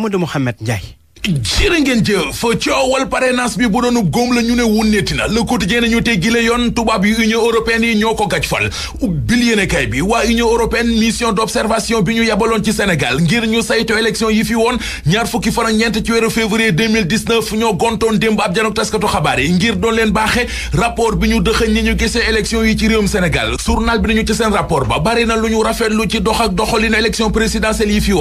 Amadou Mouhamed Ndiaye jërë ngeen jëf coowal parrainage bi bu doonu góom la ñu ne wunneeti na le quotidien nañu teggile yoon tubaab yu union européenne yi ñoo ko gaj fal ubbil yéene bi waa union européenne mission d'observation bi ñu yabaloon ci Sénégal ngir ñu sayto élection yi fi woon ñaar fukki fan ak ñeent ci weeru février ñoo gontoon démb ab janook taskatu xabaar yi ngir doon leen baaxe rapport bi ñu dëxëñ ni ñu gisee élection yi ci réewum Sénégal journal bi nañu ci seen na lu ñu rafetlu ci dox ak doxalin élection présidentielle yi fi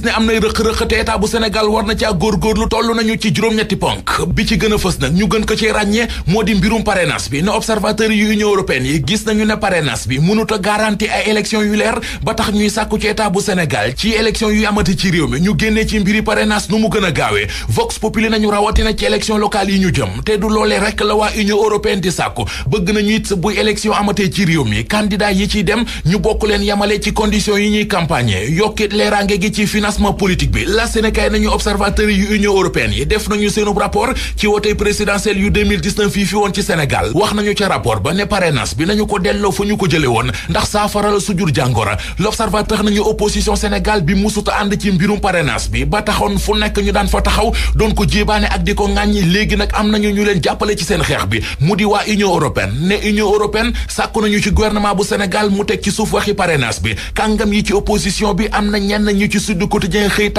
na rëq-rëq te état bu Sénégal war na caa góorgóorlu toll nañu ci juróom-ñetti ponk bi ci gën a fës nag ñu gën ko ci ràññee moo di mbirum parrainage bi ne observateur yu Union européenne yi gis nañu ne parrainage bi mënut a garanti ay élection yu leer ba tax ñuy sàkku ci état bu Sénégal ci élection yu amati ci réew mi ñu génnee ci mbiri parrainage nu mu gën a gaawee vox populi nañu rawatina ci élection locale yi ñu jëm te du loolee rek la waa Union européenne di sàkku bëgg nañu it bu mi candidat yi ciy dem ñu bokk leen yamale ci condition yi ñuy campagne yokkit leeraange gi ci financement politique bi la Sénégal nañu observateur yu union européenne yi def nañu seenub rapport ci wootey présidentielle yu 2019 fi woon ci Sénégal wax nañu ca rapport ba ne parrainage bi nañu ko delloo fa ñu ko jële woon ndax saafara la su l'observateur nañu opposition Sénégal bi musuta ànd ci mbirum parrainage bi ba taxoon fu nekk ñu daan fa taxaw doon ko jéebaane ak di ko ŋàññi léegi nag am nañu ñu leen jàppale ci seen xeex bi mu di waa union européenne ne union européenne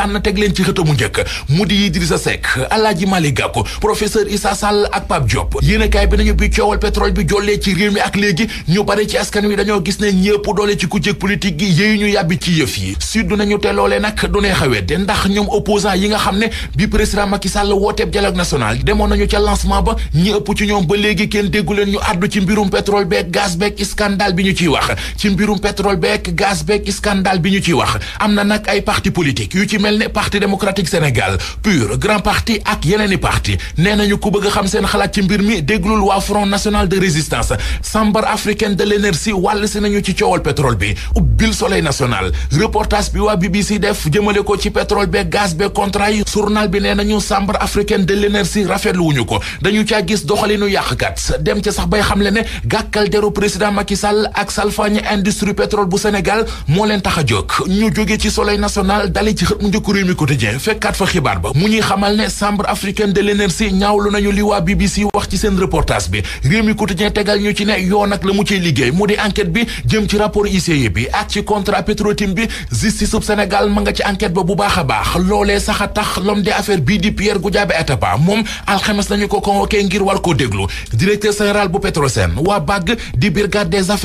am na teg leen ci xëtamu njëkk mu di Idrissa Seck Alaaji Malick Gakou professeur Issa Sall ak Pape Diop yéenekaay bi nañu bi coowal pétrole bi jollee ci réew mi ak léegi ñu bari ci askan wi dañoo gis ne ñëpp doole ci kuccëg politique gi yéyu ñu yàbbi ci yëf yi sud nañu te loolee nag du ndax ñoom opposant yi nga xam ne bi président Macky woo wooteeb dialogue national demoon nañu ca lancement ba ñi ëpp ci ñoom ba léegi kenn déggu leen ñu àddu ci mbirum pétrole beeg gaz beeg scandale bi ñu ciy wax ci mbirum pétrole beeg gaz beeg scandale bi ñu ciy wax am na nag ay parti politique mel ni parti démocratique Sénégal PUR grand parti ak yeneeni parti nee nañu ku bëgg a xam seen xalaat ci mbir mi déglul waa Front national de résistance chambre africaine de l'énergie wàll si nañu ci coowal pétrole bi ubbil soleil national reportage bi waa BBC def jëmale ko ci pétrole be gaz be contra yi journal bi nee nañu chambre africaine de l'énergie rafetlu wuñu ko dañu caa gis doxaliinu doxalinu yàqkat dem ca sax bay xamle ne gàkkal deru président Macky Sall ak salfaañi industrie pétrole bu Sénégal moo leen tax a jóg ñu jóge ci soleil national dali njëkku réew mi quotidien fekkaat fa xibaar ba mu ñuy xamal ne chambre africaine de l'énergie ñaawlu nañu li waa BBC wax ci seen reportage bi réew mi quotidien tegal ñu ci ne yoon ak la mu ciy liggéey mu di enquête bi jëm ci rapport ICA bi ak ci contrat Petro-Tim bi justice sub ma nga ci enquête ba bu baax a baax loolee sax a tax l'homme d'affaires bii di Pierre Goudiaby Atepa moom alxames lañu ko convoqué ngir war koo déglu directeur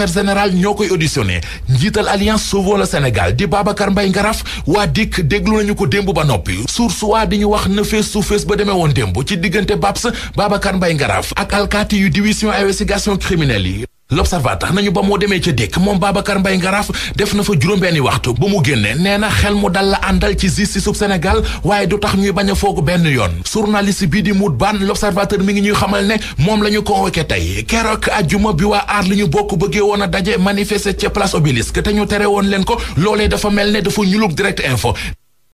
général ñoo koy auditionné njiital alliance Sauvons le Sénégal di Babacar Mbaye Ngaraf waa nañu ko démb ba noppi source waa di ñu wax na face to face ba demee woon démb ci diggante BAPS Babacar Mbaye Ngaraaf ak alkaati yu division investigation criminelle yi L'Observateur nañu ba moo demee ca dékk moom Babacar Mbaye Ngaraaf def na fa juróom-benni waxtu ba mu génnee nee na xel mu dal la àndal ci justice sub Sénégal waaye du tax ñuy bañ a foog benn yoon journaliste bii di Mout Ban L'Observateur mi ngi ñuy xamal ne moom la ñu convoqué tey keroog ajjuma bi waa aar li ñu bokk bëggee woon a daje manifester ca place te ñu tere woon leen ko loolee dafa mel ne dafa ñulug direct info